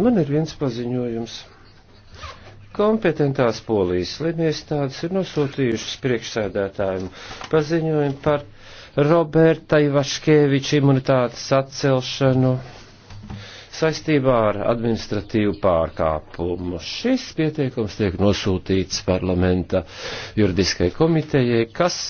Man ir viens paziņojums. Kompetentās polijas slimniestādes ir nosūtījušas priekšsēdētājiem paziņojumu par Roberta Ivaškēviča imunitātes atcelšanu saistībā ar administratīvu pārkāpumu. Šis pieteikums tiek nosūtīts parlamenta juridiskai komitejai, kas